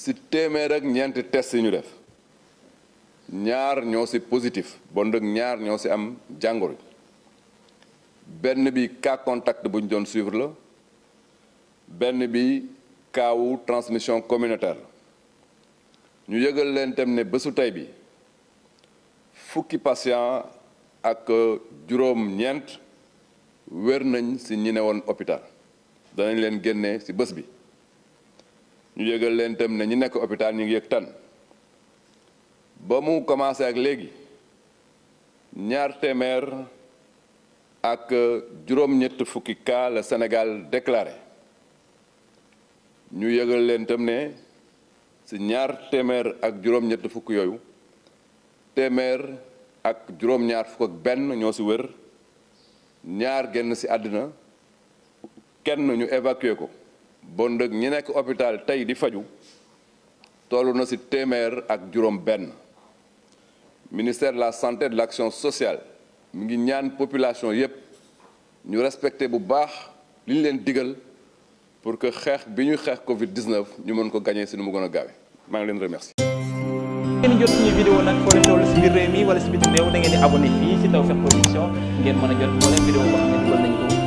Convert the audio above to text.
si téeméer ak ñeenti test yi ñu def ñaar ñoo si positif bon nag ñaar ñoo si am jàngoro benn bi cas contact bu ñu doon suivre la benn bi kaawu transmission communautaire ñu yëgal leen tam ne bésu tey bi fukki patient ak juróom-ñeent wér nañ si ñi ne woon hôpital danañ leen génnee si bés bi ñu yëgal leen itam ne ñu nekk hôpital ñu ngi yëg tan ba mu commencé ak léegi ñaar téeméer ak juróom-ñett fukki cas la Sénégal déclaré ñu yëgal leen itam ne si ñaar téeméer ak juróom-ñett fukk yooyu téeméer ak juróom-ñaar fukk ak benn ñoo si wër ñaar genn si àdduna kenn ñu évacué ko bon ndëg ñi nekk hôpital tey di faju tollu na ci téeméer ak juróom benn ministère de la santé et de l'action sociale mi ngi ñaan population yépp ñu respecté bu baax li ñu leen diggal pour que xeex bi ñuy xeex Covid 19 ñu mën ko gañee ci nu mu gën a gaawe maa ngi leen remercier.